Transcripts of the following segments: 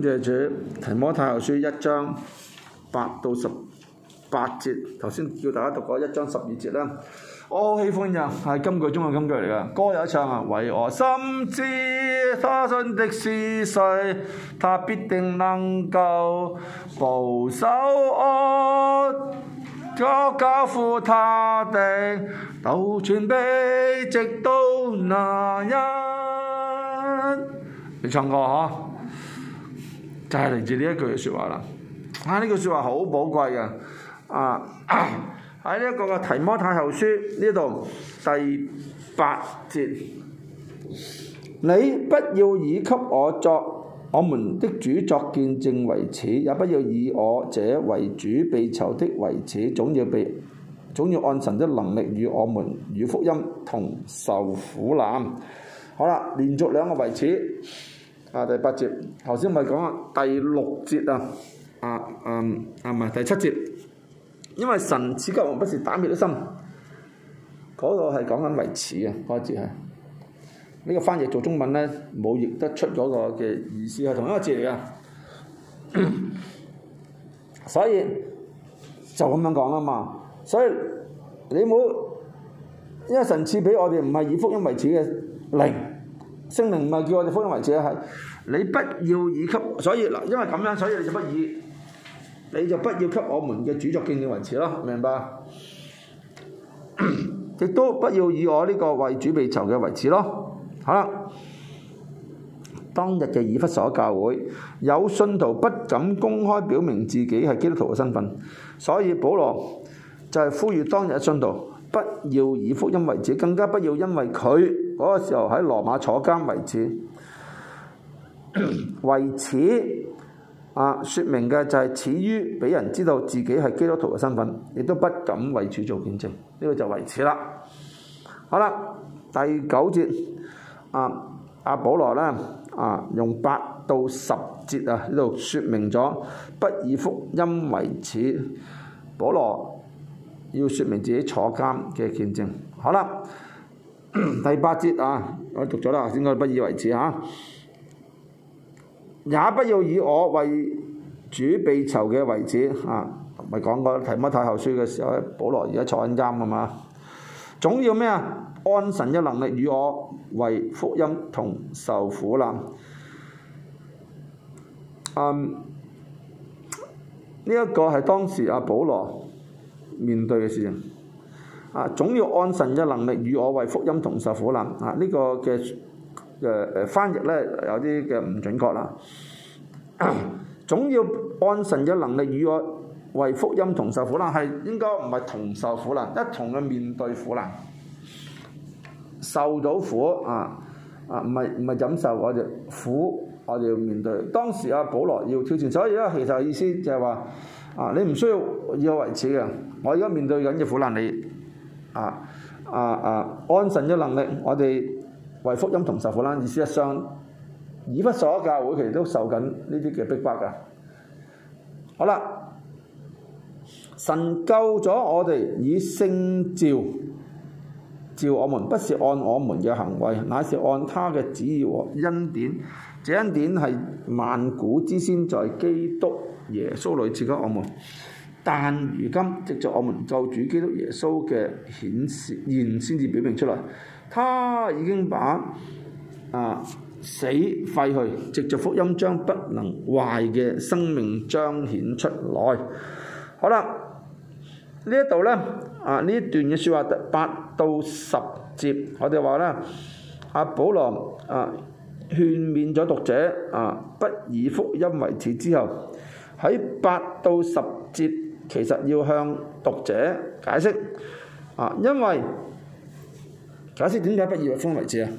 就係寫《提摩太後書》一章八到十八節，頭先叫大家讀過一章十二節啦。我好喜歡啊，係金句中嘅金句嚟嘅，歌有得唱啊！為我深知他信的是誰，他必定能夠保守我，我交付他的到全地，直到那日。你唱歌嚇～就係嚟自呢一句説話啦，啊呢句説話好寶貴嘅，啊喺呢一個嘅提摩太後書呢度第八節，你不要以給我作我們的主作見證為恥，也不要以我這為主被囚的為恥，總要被，總要按神的能力與我們與福音同受苦難。好啦，連續兩個為恥。啊，第八節，頭先咪講第六節啊，啊啊啊唔係、啊啊、第七節，因為神賜給我們不是膽怯的心，嗰、那個係講緊為恥嘅嗰一節係，呢、那個這個翻譯做中文呢，冇譯得出嗰個嘅意思係同一個字嚟噶，所以就咁樣講啦嘛，所以你冇，因為神賜畀我哋唔係以福音為恥嘅靈。聖靈唔係叫我哋福音為恥，係你不要以給，所以嗱，因為咁樣，所以你就不以，你就不要給我們嘅主作見證為恥咯。明白。亦 都不要以我呢個為主被囚嘅為恥咯。好喇，當日嘅以弗所教會有信徒不敢公開表明自己係基督徒嘅身份，所以保羅就係呼籲當日嘅信徒不要以福音為恥，更加不要因為佢，嗰個時候喺羅馬坐監為恥，為恥， 為恥啊，説明嘅就係恥於俾人知道自己係基督徒嘅身份，亦都不敢為主做見證。呢、這個就為恥啦。好啦，第九節啊，阿、啊、保羅啦啊，用八到十節啊呢度説明咗不以福音為恥。保羅要説明自己坐監嘅見證。好啦。第八節啊，我讀咗啦，應該不以為恥嚇、啊，也不要以我為主被囚嘅為恥啊，咪講過提乜太後書嘅時候，保羅而家坐緊監咁嘛？總要咩啊？按神嘅能力與我為福音同受苦難。嗯，呢、這、一個係當時阿保羅面對嘅事情。啊，總要按神嘅能力與我為福音同受苦難。啊、這個，呃、呢個嘅誒誒翻譯咧有啲嘅唔準確啦。 總要按神嘅能力與我為福音同受苦難，係應該唔係同受苦難，一同去面對苦難，受到苦啊啊，唔係唔係忍受我哋苦，我哋要面對。當時阿、啊、保羅要挑戰所以咧、啊，其實意思就係話啊，你唔需要以我為恥嘅，我而家面對緊嘅苦難你。啊啊啊，安神嘅能力，我哋為福音同受苦啦，意思一雙。以不所教會其實都受緊呢啲嘅逼迫㗎。好啦，神救咗我哋以聖召召。召我們，不是按我們嘅行為，乃是按祂嘅旨意和恩典。這恩典係萬古之先，在基督耶穌裏賜給我們。但如今藉著我們救主基督耶穌嘅顯示現，先至表明出嚟，他已經把啊死廢去，藉著福音將不能壞嘅生命彰顯出來。好啦，呢一度咧啊，呢一段嘅説話，八到十節，我哋話咧，阿、啊、保羅啊勸勉咗讀者啊，不以福音為恥之後，喺八到十節。其實要向讀者解釋，啊，因為解釋點解不以謊謊為恥啊？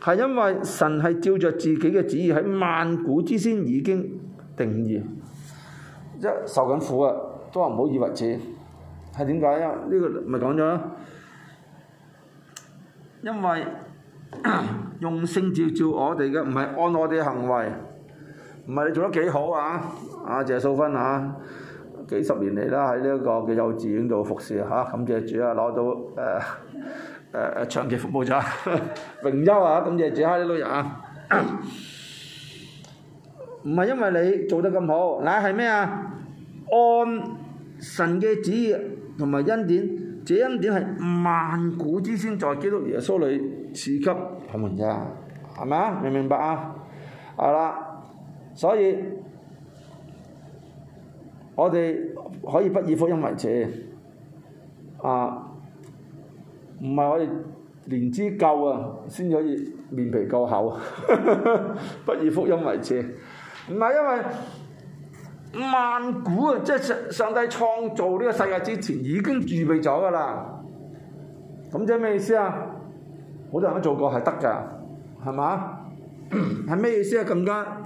係因為神係照着自己嘅旨意喺萬古之先已經定義，一受緊苦啊，都話唔好以為恥，係點解啊？呢、呢個咪講咗，因為 用聖召召我哋嘅唔係按我哋行為，唔係你做得幾好啊？啊謝素芬啊！幾十年嚟啦，喺呢一個嘅幼稚園度服侍嚇，感謝主啊攞到誒誒誒長期服務者，榮休啊！感謝主啊，呢老、呃呃啊、人啊，唔係 因為你做得咁好，嗱係咩啊？按神嘅旨意同埋恩典，這恩典係萬古之先，在基督耶穌裏賜給我們㗎，係咪啊？明唔明白啊？係啦，所以。我哋可以不以福音為恥，啊，唔係可以年資夠先可以面皮夠厚呵呵，不以福音為恥，唔係因為萬古啊，即係上帝創造呢個世界之前已經準備咗㗎喇，咁即係咩意思啊？好多人都做過係得㗎，係嘛？係咩意思啊？更加。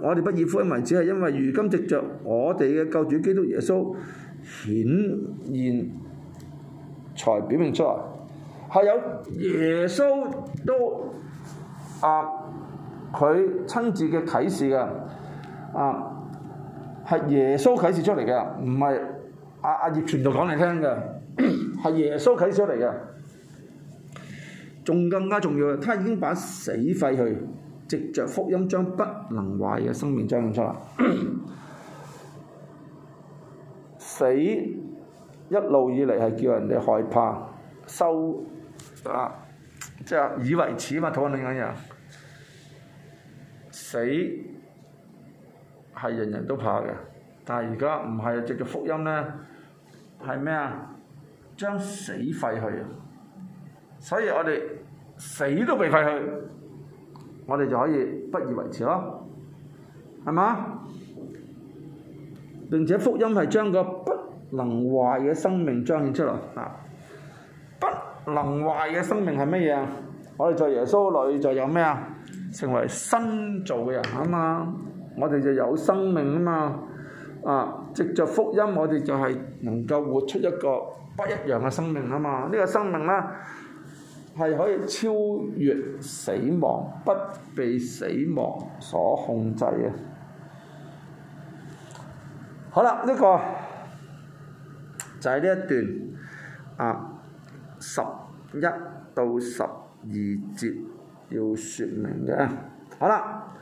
我哋不義歡民，只係因為如今藉着我哋嘅救主基督耶穌顯現，才表明出嚟，係有耶穌都啊佢親自嘅啟示嘅啊，係耶穌啟示出嚟嘅，唔係阿阿葉傳道講嚟聽嘅，係耶穌啟示出嚟嘅，仲更加重要，佢已經把死廢去。藉著福音，將不能壞嘅生命彰顯出嚟， 死一路以嚟係叫人哋害怕、羞啊，即係以為恥啊嘛，同你咁樣，死係人人都怕嘅，但係而家唔係藉著福音咧，係咩啊？將死廢去，所以我哋死都被廢去。我哋就可以不以為恥咯，係嘛？並且福音係將個不能壞嘅生命彰顯出來，啊！不能壞嘅生命係乜嘢啊？我哋在耶穌裏就有咩啊？成為新造嘅人啊嘛！我哋就有生命啊嘛！啊！藉着福音，我哋就係能夠活出一個不一樣嘅生命啊嘛！呢、這個生命咧～係可以超越死亡，不被死亡所控制啊！好啦，呢、這個就係、是、呢一段啊，十一到十二節要説明嘅。好啦，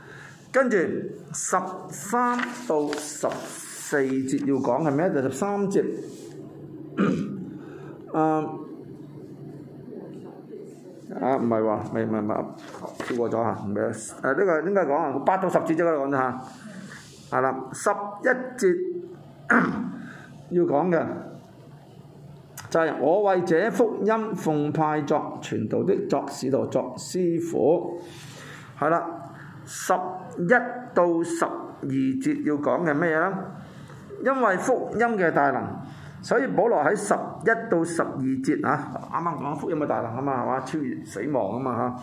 跟住十三到十四節要講係咩？就是、十三節 啊。啊，唔係喎，未未未超過咗嚇，唔係啊。誒呢、呢個應該講啊，八到十節啫，講咗嚇。係啦，十一節要講嘅就係、是、我為這福音奉派作傳道的，作使徒，作師傅。係啦，十一到十二節要講嘅咩嘢咧？因為福音嘅大能。所以保羅喺十一到十二節啊，啱啱講福音嘅大能啊嘛，係嘛超越死亡啊嘛嚇，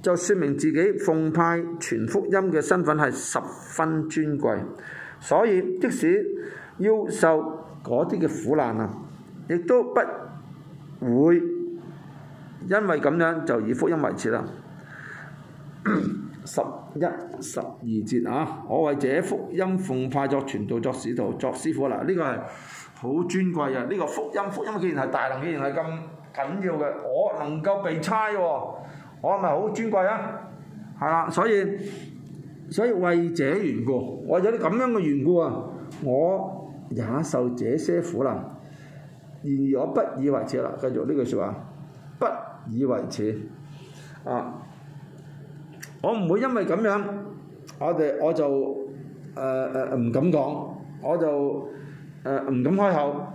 就説明自己奉派傳福音嘅身份係十分尊貴，所以即使要受嗰啲嘅苦難啊，亦都不會因為咁樣就以福音為恥啦、啊。十一、十二節啊，我為這福音奉派作傳道、作使徒、作師傅嗱，呢、這個係。好尊貴啊！呢、這個福音，福音既然係大能，既然係咁緊要嘅，我能夠被差喎、啊，我係咪好尊貴啊！係啦，所以所以為這緣故，為咗啲咁樣嘅緣故啊，我也受這些苦難，然而我不以為恥啦。繼續呢句説話，不以為恥啊！我唔會因為咁樣，我哋我就誒誒唔敢講，我就。呃呃呃、唔敢開口，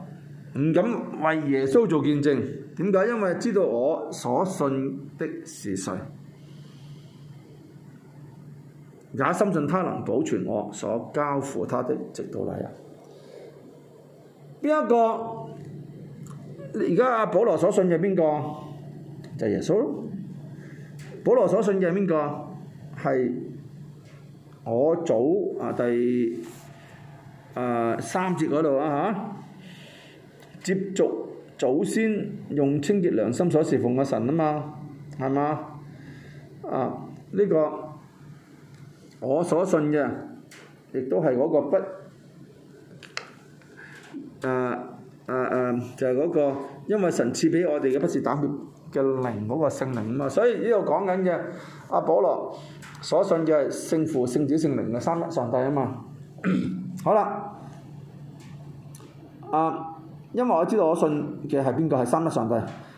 唔敢為耶穌做見證，點解？因為知道我所信的是誰，也深信他能保存我所交付他的直道，直到那日。邊一個？而家阿保羅所信嘅邊個？就是、耶穌。保羅所信嘅邊個？係我祖啊！第呃、三節嗰度啊，接續祖先用清潔良心所侍奉嘅神啊嘛，係嘛？啊呢、這個我所信嘅，亦都係嗰個不、誒誒誒，就係、是、嗰、那個，因為神賜畀我哋嘅不是膽怯嘅靈嗰個聖靈啊嘛，所以呢度講緊嘅阿保羅所信嘅係聖父、聖子、聖靈嘅三一上帝啊嘛。好啦，啊，因為我知道我信嘅係邊個係三一上帝，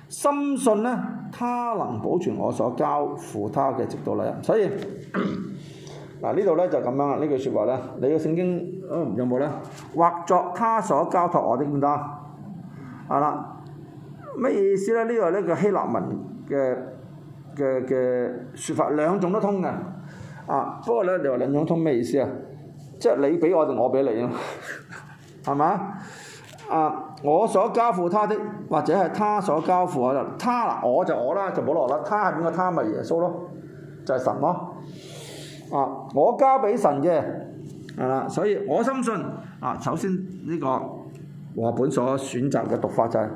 深信咧，他能保存我所交付他嘅直到那日。所以嗱、 啊、呢度咧就咁樣啦，句呢句説話咧，你嘅聖經、呃、有冇咧？或作他所交託我啲咁多？係、啊、啦，咩意思咧？呢、這個呢、這個希臘文嘅嘅嘅説法兩種都通嘅，啊，不過咧你話兩種通咩意思啊？即係你俾我就我俾你咯，係 嘛？啊，我所交付他的，或者係他所交付我，我，就我他嗱，我就我啦，就冇落啦。他係邊個？他咪耶穌咯，就係神咯、啊。啊，我交俾神嘅係啦，所以我深信啊，首先呢、呢個和本所選擇嘅讀法就係、是、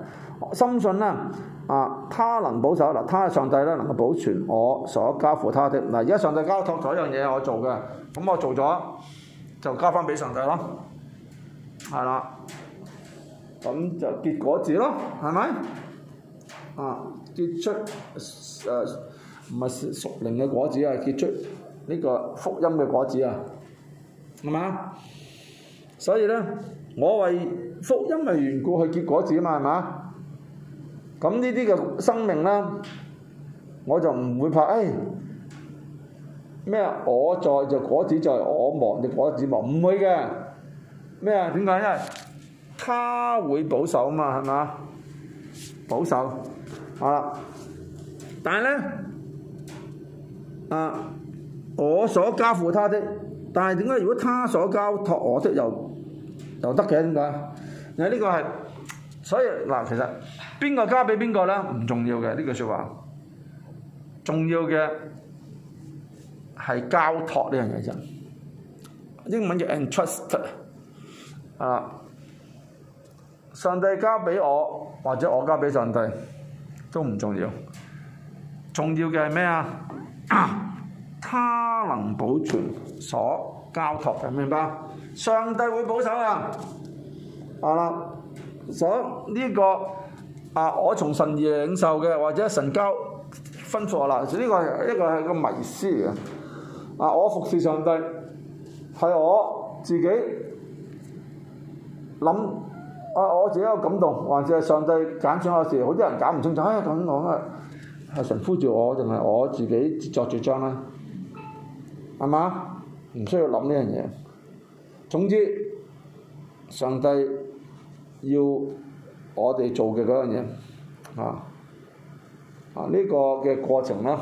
深信啦。啊，他能保守嗱，他係上帝咧，能夠保存我所交付他的嗱。而、啊、家上帝交託咗一樣嘢我做嘅，咁我做咗。就交翻畀上帝咯，係啦，咁就結果子咯，係咪？啊，結出誒唔係屬靈嘅果子啊，結出呢個福音嘅果子啊，係咪啊？所以咧，我為福音嘅緣故去結果子啊嘛，係咪啊？咁呢啲嘅生命咧，我就唔會怕誒。哎咩啊？我在就果子在，我望就果子望，唔會嘅。咩啊？點解？因為他會保守啊嘛，係咪？保守啊。但係咧，啊，我所交付他的，但係點解？如果他所交託我的又又得嘅？點解？因為呢個係，所以嗱，其實邊個交俾邊個咧，唔重要嘅呢句說話，重要嘅。係交託呢樣嘢就，英文叫 entrust 啊！上帝交俾我或者我交俾上帝都唔重要，重要嘅係咩啊？他能保存所交託嘅，明白？上帝會保守啊！啊，所呢、這個啊，我從神領受嘅或者神交吩咐我啦，呢、這個、這個這個、一個係個迷思嚟嘅。啊！我服侍上帝，係我自己諗啊！我自己有感動，還是上帝揀選我嘅事？好多人揀唔清楚，哎，咁講啊，係神呼住我定係我自己作主張咧？係嘛？唔需要諗呢樣嘢。總之，上帝要我哋做嘅嗰樣嘢，啊啊呢個嘅過程啦，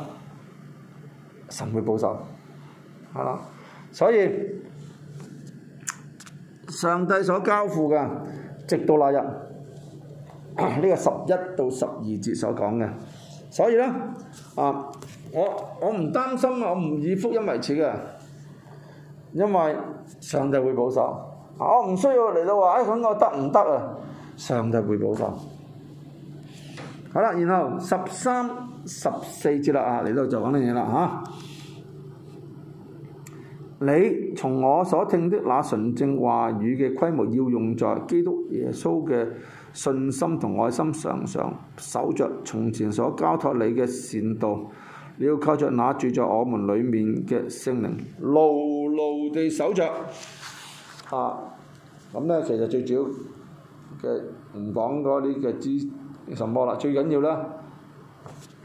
神會保守。係啦，所以上帝所交付嘅，直到那日呢、啊這個十一到十二節所講嘅，所以咧啊，我我唔擔心我唔以福音為恥嘅，因為上帝會保守，啊、我唔需要嚟到話，誒、哎、咁我得唔得啊？上帝會保守。好啦，然後十三、十四節啦，啊嚟到就講呢嘢啦嚇。啊你從我所聽的那純正話語嘅規模，要用在基督耶穌嘅信心同愛心上，上守着從前所交託你嘅善道，你要靠着那住在我們裡面嘅聖靈，牢牢地守着。啊！咁、嗯、呢，其實最主要嘅唔講嗰啲嘅之什麼啦，最緊要咧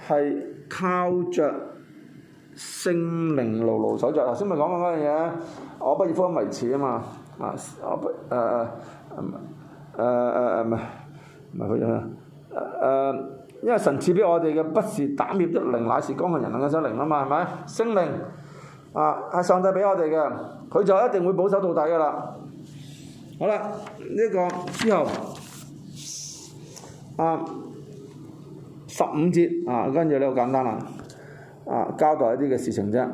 係靠着。聖靈牢牢守着。頭先咪講過嗰樣嘢，我不以方為恥啊嘛，啊我不誒誒唔係誒誒唔係唔係佢啊誒，因為神賜畀我哋嘅不是膽怯的靈，乃是剛強人能嘅心靈啊嘛，係咪？聖靈啊係上帝畀我哋嘅，佢就一定會保守到底嘅啦。好啦，呢、這個之後啊、呃、十五節啊，跟住咧好簡單啦。啊、交代一啲嘅事情啫。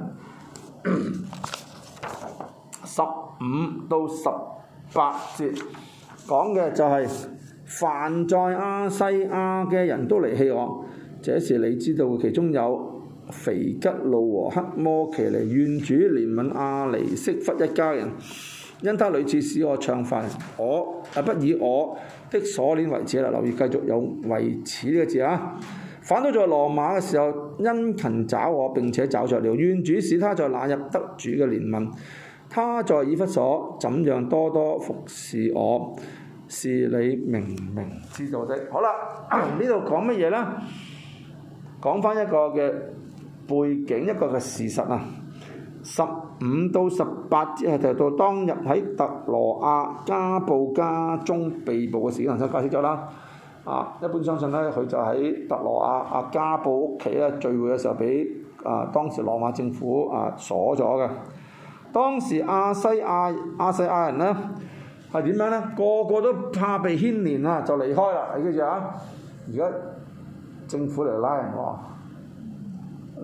十五 到十八節講嘅就係、是， 凡在亞西亞嘅人都離棄我。這是你知道，其中有肥吉路和黑摩奇尼。願主憐憫阿尼色弗一家人，因他屢次使我暢快。我啊不以我的鎖鏈為恥啦，留意繼續有為恥呢個字啊。反都在羅馬嘅時候，殷勤找我並且找着了。願主使他在那日得主嘅憐憫，他在以弗所怎樣多多服侍我，是你明明知道的。好啦，呢度講乜嘢呢？講翻一個嘅背景，一個嘅事實啊。十五到十八節係提到當日喺特羅亞加布家中被捕嘅事，就解釋咗啦。啊！一般相信咧，佢就喺特羅亞阿加布屋企咧聚會嘅時候被，俾啊當時羅馬政府啊鎖咗嘅。當時亞西亞亞西亞人咧係點樣咧？個個都怕被牽連啊，就離開啦。你記住啊！而家政府嚟拉人喎，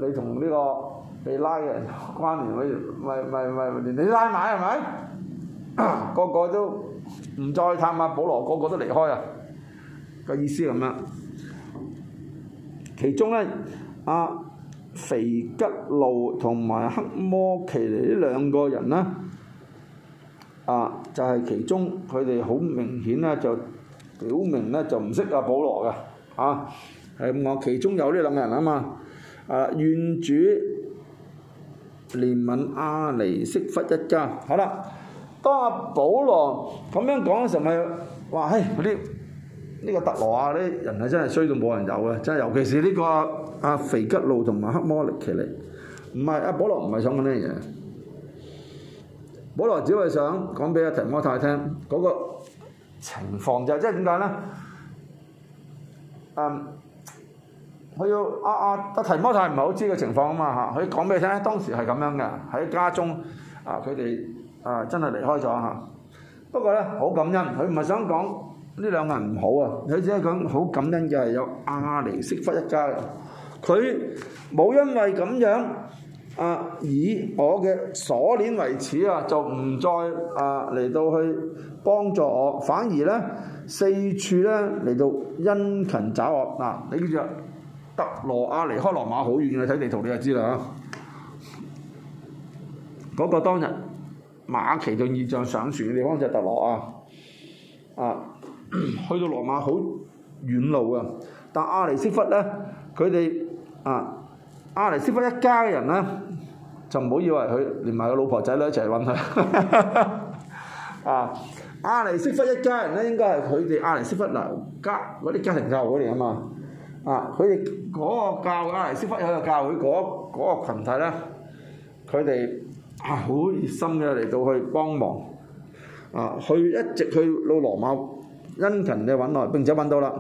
你同呢個被拉嘅人關聯，你咪咪咪你拉埋係咪？個個都唔再探阿保羅，個個都離開啊！個意思咁樣，其中咧阿肥吉路同埋黑魔奇尼呢兩個人咧，啊就係其中佢哋好明顯咧就表明咧就唔識阿保羅嘅，嚇係咁講。其中有呢兩個人啊嘛，啊願主憐憫阿尼色弗一家，好啦。當阿保羅咁樣講嘅時候咪話，嘿嗰啲。呢個特羅亞，啊利利啊那個就是、呢人係真係衰到冇人有啊，真係尤其是呢個阿肥吉路同埋黑魔力奇嚟，唔係阿保羅唔係想咁樣嘢，保羅只係想講俾阿提摩太聽嗰個情況，就即係點解咧？誒，佢要阿阿提摩太唔係好知嘅情況啊嘛嚇，佢講俾你聽，當時係咁樣嘅喺家中啊，佢哋啊真係離開咗嚇，不過咧好感恩，佢唔係想講。呢兩個人唔好啊！你只係講好感恩嘅係有亞尼色弗一家佢冇因為咁樣啊，以我嘅鎖鏈為恥啊，就唔再啊嚟到去幫助我，反而咧四處咧嚟到殷勤找我。嗱、啊，你記住啦，特羅亞離開羅馬好遠嘅，睇地圖你就知啦嚇。嗰、啊那個當日馬其頓異象上船嘅地方就係特羅亞，啊！ 去到羅馬好遠路啊！但阿尼斯忽咧，佢哋啊，阿尼斯忽一家人咧，就唔好以為佢連埋個老婆仔都一齊揾佢啊！阿尼斯忽一家人咧，應該係佢哋阿尼斯忽嗱家嗰啲家庭教會嚟啊嘛！啊，佢哋嗰個教阿尼斯忽有個教會，嗰、啊、嗰個羣、嗰個嗰個、體咧，佢哋啊好熱心嘅嚟到去幫忙啊！佢一直去到羅馬。殷勤地揾來，並且揾到啦。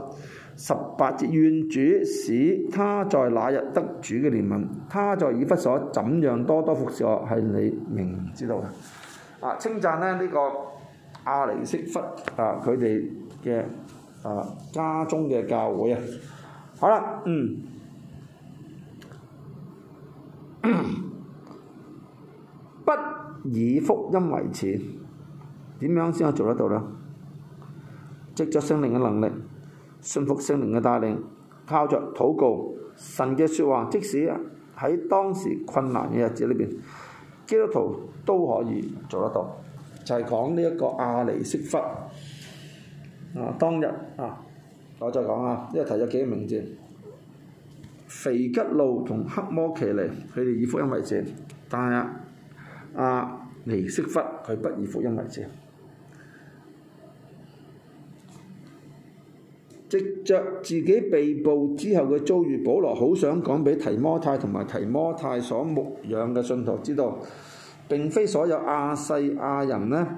十八節，願主使他在那日得主嘅憐憫，他在以弗所怎樣多多服侍我，係你明知道嘅。啊，稱讚呢、這個阿尼色弗，啊，佢哋嘅啊家中嘅教會啊。好啦，嗯， 不以福音為恥，點樣先可以做得到呢？藉著聖靈嘅能力，信服聖靈嘅帶領，靠着禱告、神嘅説話，即使喺當時困難嘅日子裏邊，基督徒都可以做得到。就係講呢一個阿尼色弗，啊，當日啊，我再講啊，呢、這個提咗幾個名字，腓吉路同黑摩奇尼，佢哋以福音為恥，但係亞、啊、尼色弗，佢不以福音為恥。藉著自己被捕之後嘅遭遇，保羅好想講俾提摩太同埋提摩太所牧養嘅信徒知道，並非所有亞細亞人呢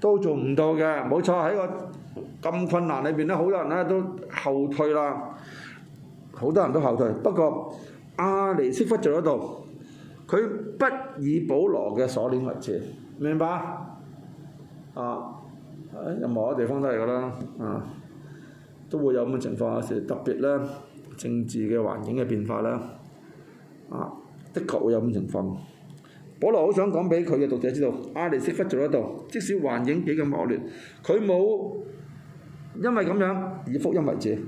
都做唔到嘅。冇錯，喺個咁困難裏邊咧，好多人咧都後退啦，好多人都後退，都後退。不過亞尼色弗做嗰度，佢不以保羅嘅鎖鏈為恥，明白啊？任何地方都係㗎啦，嗯。都會有咁嘅情況，成特別咧政治嘅環境嘅變化咧，啊，的確會有咁情況。保羅好想講俾佢嘅讀者知道，阿尼色弗做得到，即使環境幾咁惡劣，佢冇因為咁樣以福音為恥。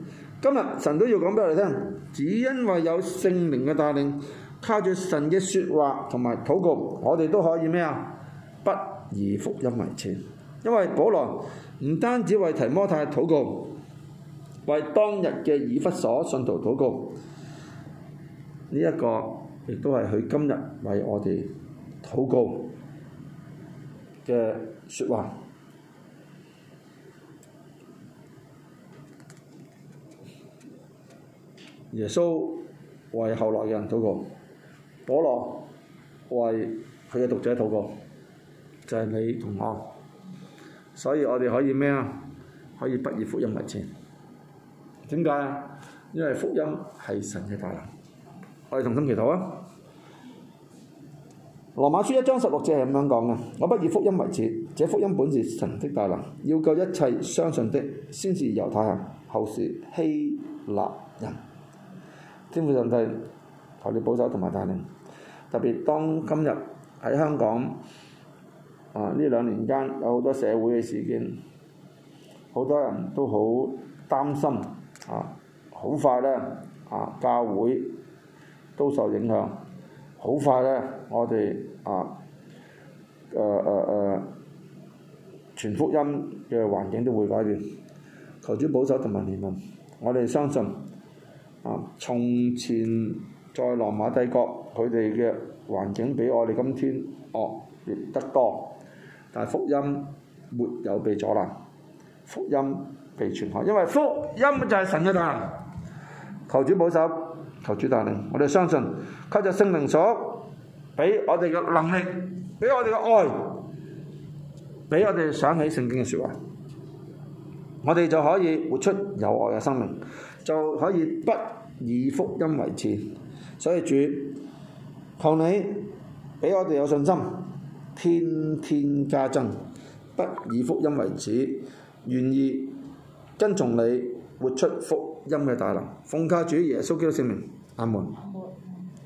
今日神都要講俾我哋聽，只因為有聖靈嘅帶領，靠住神嘅説話同埋禱告，我哋都可以咩啊？不以福音為恥。因為保羅唔單止為提摩太禱告。為當日嘅以弗所信徒禱告，呢、這、一個亦都係佢今日為我哋禱告嘅説話。耶穌為後來人禱告，保羅為佢嘅讀者禱告，就係、是、你同我，所以我哋可以咩啊？可以不以福音為前。點解？因為福音係神嘅大能，我哋同心祈禱啊！羅馬書一章十六節係咁樣講嘅：我不以福音為恥，這福音本是神的大能，要救一切相信的，先是猶太人，後是希臘人。天父上帝，求你保守同埋帶領，特別當今日喺香港啊呢、呃、兩年間有好多社會嘅事件，好多人都好擔心。啊！好快咧，啊，教會都受影響。好快咧，我哋啊，誒誒誒，傳、啊、福音嘅環境都會改變。求主保守同埋憐憫，我哋相信啊，從前在羅馬帝國，佢哋嘅環境比我哋今天惡劣、哦、得多，但係福音沒有被阻攔，福音。因為福音就係神嘅大能，求主保守，求主帶領，我哋相信靠着聖靈所畀我哋嘅能力，畀我哋嘅愛，俾我哋想起聖經嘅説話，我哋就可以活出有愛嘅生命，就可以不以福音為恥。所以主求你畀我哋有信心，天天加增，不以福音為恥，願意。跟從你活出福音嘅大能，奉靠主耶穌基督嘅聖名，阿門。